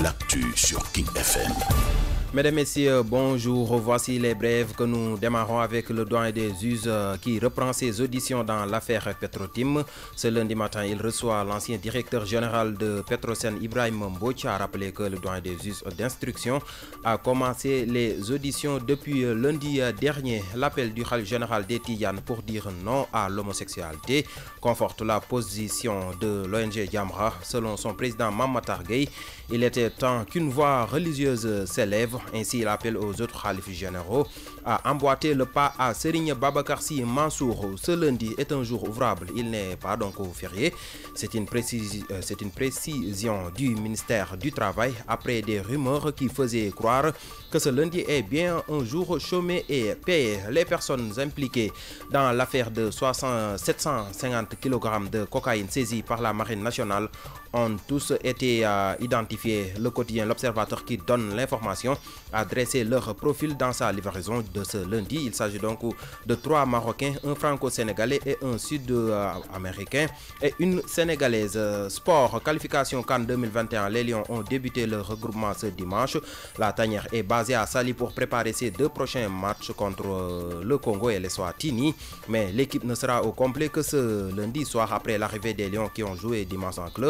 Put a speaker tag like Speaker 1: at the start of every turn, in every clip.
Speaker 1: l'actu sur King FM. Mesdames, Messieurs, bonjour. Voici les brèves que nous démarrons avec le doigt des uses euh, qui reprend ses auditions dans l'affaire Petrotim. Ce lundi matin, il reçoit l'ancien directeur général de Petrosen, Ibrahim Mbouch, a rappelé que le doigt des us d'instruction a commencé les auditions depuis lundi dernier. L'appel du Khal général d'Etiyan pour dire non à l'homosexualité conforte la position de l'ONG Yamra. Selon son président Mamatar Gueye, il était temps qu'une voix religieuse s'élève ainsi, il appelle aux autres khalifes généraux a emboîté le pas à Serigne Babakarsi Mansour. Ce lundi est un jour ouvrable, il n'est pas donc férié. Euh, c'est une, précision, du ministère du Travail après des rumeurs qui faisaient croire que ce lundi est bien un jour chômé et payé. Les personnes impliquées dans l'affaire de 750 kg de cocaïne saisie par la marine nationale ont tous été euh, identifiées. Le quotidien L'Observateur qui donne l'information a dressé leur profil dans sa livraison ce lundi. Il s'agit donc de trois Marocains, un franco-sénégalais et un sud-américain et une sénégalaise. Sport, qualification Cannes 2021, les Lions ont débuté le regroupement ce dimanche. La tanière est basée à Sali pour préparer ses deux prochains matchs contre euh, le Congo et les Swatini. Mais l'équipe ne sera au complet que ce lundi soir après l'arrivée des Lions qui ont joué dimanche en club.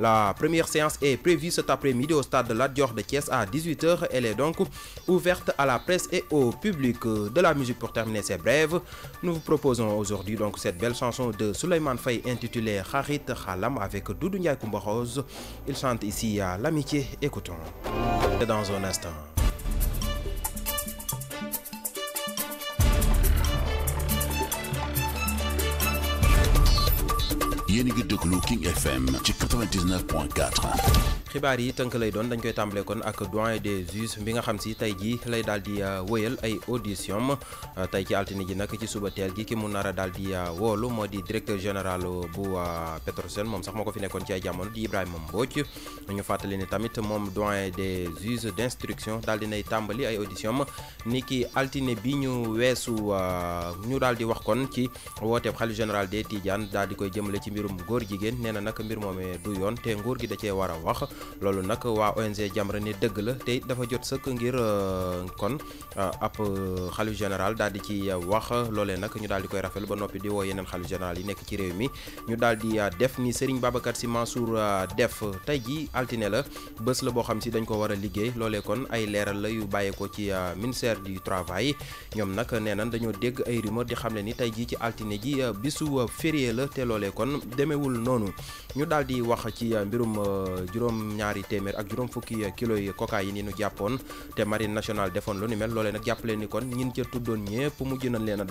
Speaker 1: La première séance est prévue cet après-midi au stade de la Dior de Kies à 18h. Elle est donc ouverte à la presse et au public public euh, de la musique pour terminer ses brèves. Nous vous proposons aujourd'hui donc cette belle chanson de Souleymane Faye intitulée Harit Khalam avec Doudou Ndiaye Rose. Il chante ici à l'amitié. Écoutons. Dans un instant. Yenigi de King FM 99.4 xibaar yi tënk lay doon dañ koy tàmbalee kon ak doyen des juges bi nga xam si tey jii lay daal di euh, wëyal ay audition ma euh, tey ci altine ji nag ci suba teel gi ki mu nar a daal di euh, woolu moo di directeur général bu Petrosen moom sax moo ko fi nekkoon ci ay jamono di Ibrahima Mbodj ñu fàttali ni tamit moom doyen des juges d'instruction daal di nay tàmbali ay audition ma ni ki altine bi ñu weesu ñu daal di wax kon ci wooteeb xalif général de Tidiane daal di koy jëmale ci mbirum góor jigéen nee na nag mbir moomee du yoon te nguur da cee war a wax loolu nag waa ONG Jamra ne dëgg la tey dafa jot sëkk ngir euh, kon euh, ab euh, xalif général daal di ci wax loolee nag ñu daal di koy rafetlu ba noppi di woo yeneen xalif général yi nekk ci réew mi ñu daal di def ni Serigne Babacar Sy Mansour def tey ji altine la bés la boo xam si dañ ko war a liggéey loole kon ay leeral la yu bàyyeekoo ci ministère du travail ñoom nag nee nañ dañoo dégg ay rumeur di xam ne ni tey jii ci altine ji bisu férié la te loole kon demewul noonu ñu daal di wax ci mbirum juróom juróom ñaari téeméer ak juróom fukki kilo yi cocaïne yi ñu jàppoon te marine nationale defoon lu ni mel loolee nag jàppale ni kon ñin ca tuddoon ñëpp mujj nañ leen a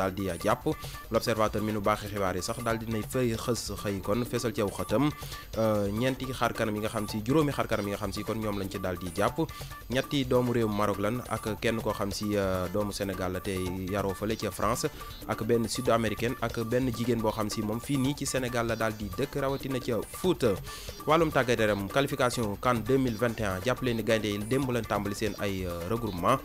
Speaker 1: jàpp l'observateur mi nu baaxee xibaar yi sax daal dinay fay xës xëy kon feesal ceew xëtam euh, ñeenti xaar yi nga xam si juróomi xaar kanam yi nga xam si kon ñoom lañ ci daal di jàpp ñetti doomu réew Maroc lan ak kenn koo xam si euh, doomu Sénégal la te yaroo fale ca France ak benn sud américaine ak benn jigéen boo xam si moom fii nii ci Sénégal la daal di dëkk rawatina ca Fouta wàllum tàggat yaram qualification CAN 2021 jàppale ni gaynde yi démb leen tàmbali seen ay euh, regroupement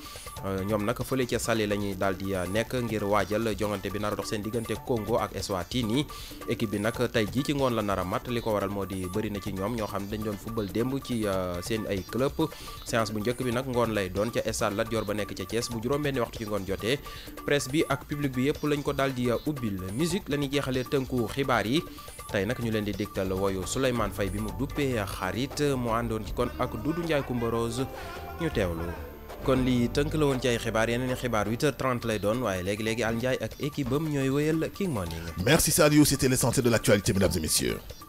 Speaker 1: euh, ñoom nag fële ca Saly la ñuy daal di euh, nekk ngir waajal jongante bi nar a dox seen diggante Congo ak Eswatini équipe bi nag tey jii ci ngoon la nar a mat li ko waral moo di bëri na ci ñoom ñoo xam ne dañ doon football démb ci seen ay club séance bu njëkk bi nag ngoon lay doon ca stade Lat Dior ba nekk ca Thiès bu juróom-benni waxtu ci ngoon jotee presse bi ak public bi yëpp lañ ko daal di ubbil musique la ñuy jeexalee xibaar yi tay nak ñu leen di diktal woyu Souleymane Faye bi mu duppé xarit mo andon ci kon ak Doudou Ndiaye Coumba Rose ñu tewlu kon li teunk la won ci ay xibaar yeneen xibaar 8h30 lay doon waye légui légui Al Ndiaye ak équipe bam ñoy wéyal King Morning. merci Sadio c'était l'essentiel de l'actualité mesdames et messieurs.